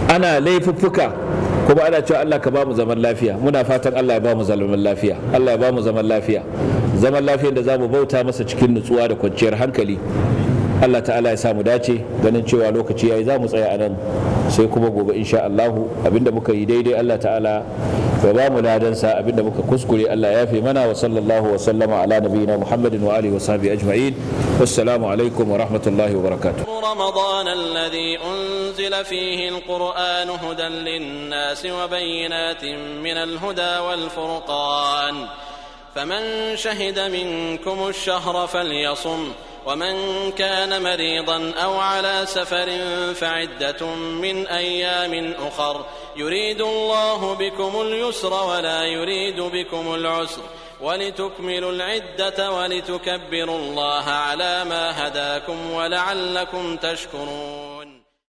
ana laifuffuka kuma ana cewa Allah ka bamu zaman lafiya muna fatan Allah ya ba mu zaman lafiya Allah ya ba zaman lafiya zaman lafiyar da za mu bauta masa cikin nutsuwa da kwanciyar hankali Allah ta'ala ya samu dace ganin cewa lokaci yayi zamu tsaya anan sai kuma gobe insha Allah abinda muka yi daidai Allah ta'ala ya ba mu ladan sa abinda muka kuskure Allah ya fi mana wa sallallahu wa sallama ala nabiyina Muhammadin wa alihi wa sahbihi ajma'in wassalamu alaikum wa rahmatullahi wa barakatuh رمضان الذي أنزل فيه القرآن هدى للناس وبينات من الهدى والفرقان فمن شهد منكم الشهر فليصم ومن كان مريضا او على سفر فعده من ايام اخر يريد الله بكم اليسر ولا يريد بكم العسر ولتكملوا العده ولتكبروا الله على ما هداكم ولعلكم تشكرون